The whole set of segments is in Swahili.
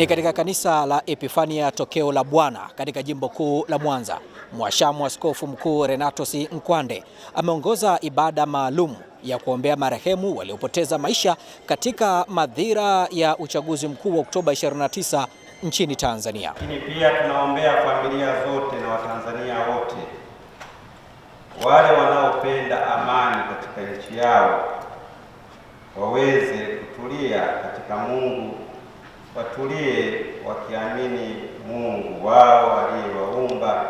Ni katika kanisa la Epifania tokeo la Bwana katika jimbo kuu la Mwanza. Mwashamu Askofu Mkuu Renatus Nkwande ameongoza ibada maalum ya kuombea marehemu waliopoteza maisha katika madhira ya uchaguzi mkuu wa Oktoba 29 nchini Tanzania. Lakini pia tunaombea familia zote na Watanzania wote wale wanaopenda amani katika nchi yao waweze kutulia katika Mungu watulie wakiamini Mungu wao aliyewaumba,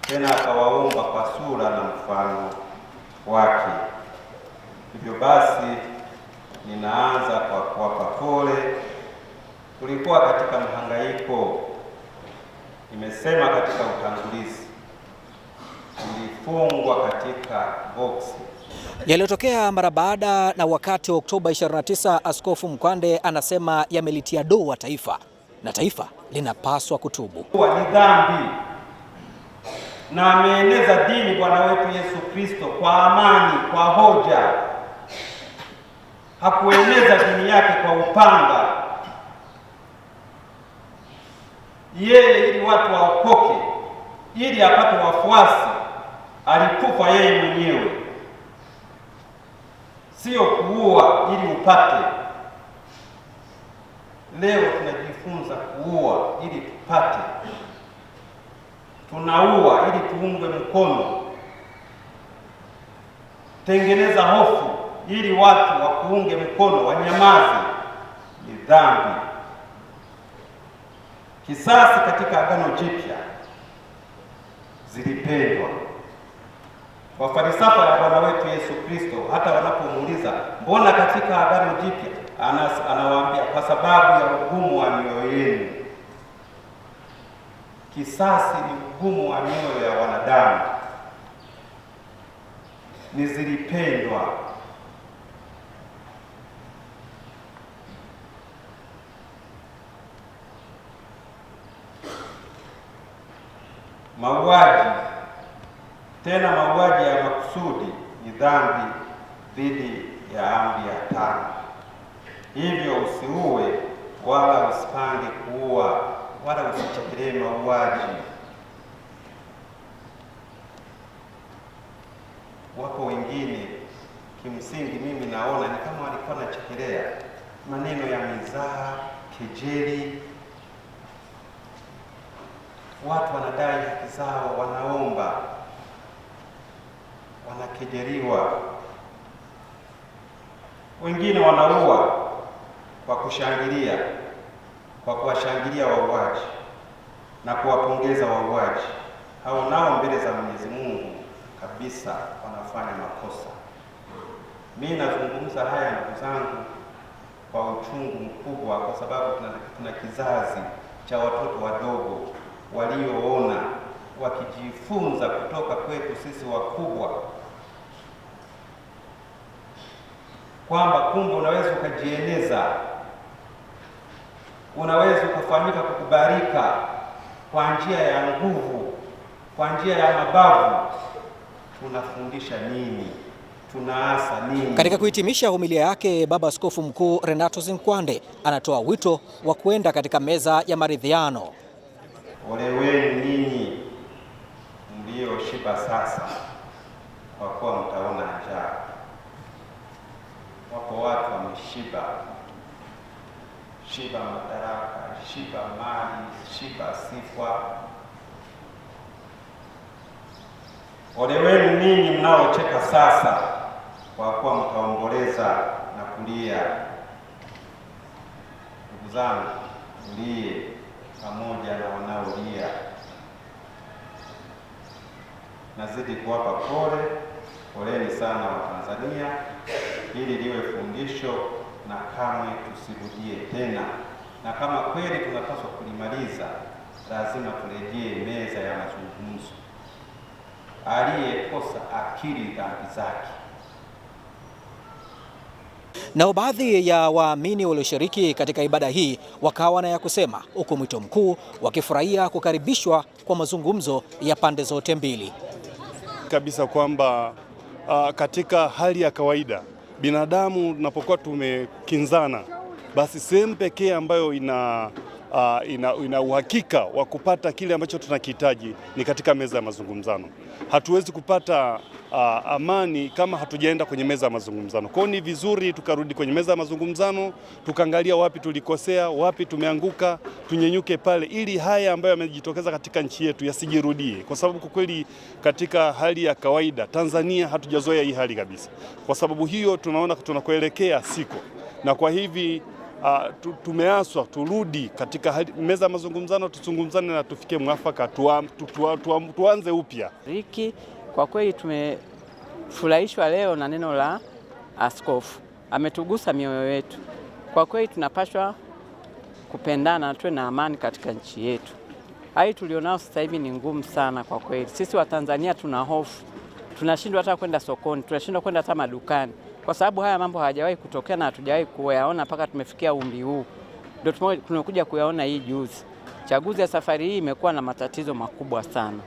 tena akawaumba kwa sura na mfano wake. Hivyo basi, ninaanza kwa kuwapa pole. Tulikuwa katika mhangaiko, nimesema katika utangulizi zilifungwa katika boksi. Yaliyotokea mara baada na wakati wa Oktoba 29, Askofu Mkwande anasema yamelitia doa taifa na taifa linapaswa kutubu. Ni dhambi na ameeneza dini Bwana wetu Yesu Kristo kwa amani, kwa hoja, hakueneza dini yake kwa upanga yeye, ili watu waokoke, ili apate wafuasi alikufa yeye mwenyewe, sio kuua ili upate. Leo tunajifunza kuua ili tupate, tunaua ili tuungwe mkono, tengeneza hofu ili watu wakuunge mkono, wanyamaze. Ni dhambi. Kisasi katika Agano Jipya zilipendwa kwa falsafa ya Bwana wetu Yesu Kristo. Hata wanapomuuliza mbona katika Agano Jipya, anawaambia kwa sababu ya ugumu wa mioyo yenu. Kisasi ni ugumu wa mioyo ya wanadamu, ni zilipendwa mauaji tena mauaji ya makusudi ni dhambi dhidi ya amri ya tano. Hivyo usiue wala usipange kuua wala usichekelee mauaji. Wapo wengine kimsingi, mimi naona ni kama walikuwa nachekelea maneno ya mizaha, kejeli. Watu wanadai haki zao, wanaomba wanakejeriwa, wengine wanaua kwa kushangilia, kwa kuwashangilia wauaji na kuwapongeza wauaji hao, nao mbele za Mwenyezi Mungu kabisa wanafanya makosa. Mimi nazungumza haya ndugu zangu kwa uchungu mkubwa, kwa sababu tuna kizazi cha watoto wadogo walioona wakijifunza kutoka kwetu sisi wakubwa. kwamba kumbe unaweza ukajieneza unaweza ukafanyika kukubarika kwa njia ya nguvu, kwa njia ya mabavu. Tunafundisha nini? Tunaasa nini? Katika kuhitimisha homilia yake, Baba Askofu Mkuu Renatus Nkwande anatoa wito wa kuenda katika meza ya maridhiano. Ole wenu ninyi mlioshiba sasa kwa kuwa mtawa shiba, shiba madaraka, shiba mali, shiba sifa. Ole wenu ninyi mnaocheka sasa, kwa kuwa mtaomboleza na kulia. Ndugu zangu, mlie pamoja na wanaolia. Nazidi kuwapa pole, poleni sana Watanzania ili liwe fundisho na kamwe tusirudie tena, na kama kweli tunapaswa kulimaliza, lazima turejee meza ya mazungumzo. Aliyekosa akili dhambi zake. Nao baadhi ya waamini walioshiriki katika ibada hii wakawa na ya kusema, huku mwito mkuu wakifurahia kukaribishwa kwa mazungumzo ya pande zote mbili kabisa kwamba uh, katika hali ya kawaida binadamu tunapokuwa tumekinzana, basi sehemu pekee ambayo ina uh, ina, ina uhakika wa kupata kile ambacho tunakihitaji ni katika meza ya mazungumzano. Hatuwezi kupata uh, amani kama hatujaenda kwenye meza ya mazungumzano. Kwa hiyo ni vizuri tukarudi kwenye meza ya mazungumzano, tukaangalia wapi tulikosea, wapi tumeanguka, tunyenyuke pale, ili haya ambayo yamejitokeza katika nchi yetu yasijirudie, kwa sababu kwa kweli katika hali ya kawaida Tanzania hatujazoea hii hali kabisa. Kwa sababu hiyo tunaona tunakoelekea siko na kwa hivi uh, tumeaswa turudi katika meza ya mazungumzano, tuzungumzane na tufike mwafaka, tuanze tuwa, upya. Riki, kwa kweli tumefurahishwa leo na neno la askofu, ametugusa mioyo yetu. Kwa kweli tunapashwa kupendana, tuwe na amani katika nchi yetu. Hali tulionao sasa hivi ni ngumu sana kwa kweli. Sisi Watanzania tuna hofu, tunashindwa hata kwenda sokoni, tunashindwa kwenda hata madukani kwa sababu haya mambo hayajawahi kutokea na hatujawahi kuyaona mpaka tumefikia umri huu, ndio tunakuja kuyaona hii juzi. Chaguzi ya safari hii imekuwa na matatizo makubwa sana.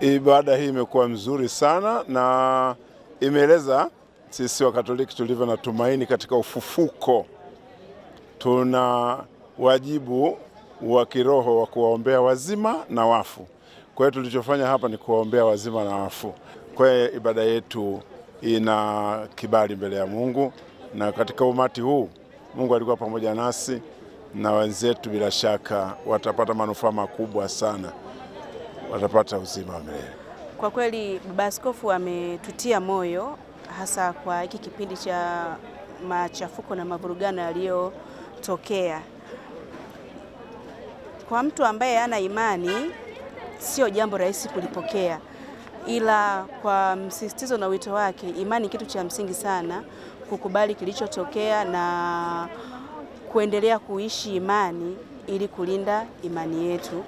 Ibada hii imekuwa mzuri sana na imeeleza sisi Wakatoliki tulivyo na tumaini katika ufufuko. Tuna wajibu wa kiroho wa kuwaombea wazima na wafu. Kwa hiyo tulichofanya hapa ni kuwaombea wazima na wafu. Kwa ibada yetu ina kibali mbele ya Mungu, na katika umati huu Mungu alikuwa pamoja nasi na wenzetu, bila shaka watapata manufaa makubwa sana, watapata uzima wa milele. Kwa kweli Baba Askofu ametutia moyo hasa kwa hiki kipindi cha machafuko na mavurugano yaliyotokea. Kwa mtu ambaye hana imani, sio jambo rahisi kulipokea ila kwa msisitizo na wito wake, imani kitu cha msingi sana, kukubali kilichotokea na kuendelea kuishi imani ili kulinda imani yetu.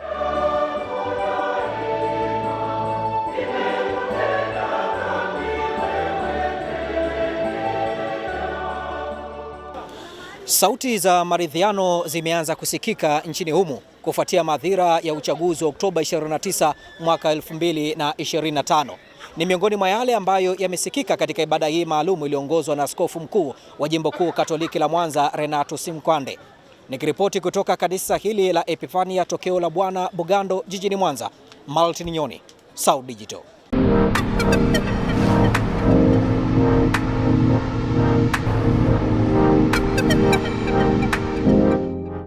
Sauti za maridhiano zimeanza kusikika nchini humo kufuatia madhira ya uchaguzi wa Oktoba 29 mwaka 2025. Ni miongoni mwa yale ambayo yamesikika katika ibada hii maalum iliyoongozwa na askofu mkuu wa jimbo kuu Katoliki la Mwanza, Renato Simkwande. Nikiripoti kutoka kanisa hili la Epifania tokeo la Bwana Bugando jijini Mwanza, Martin Nyoni, SAUT Digital.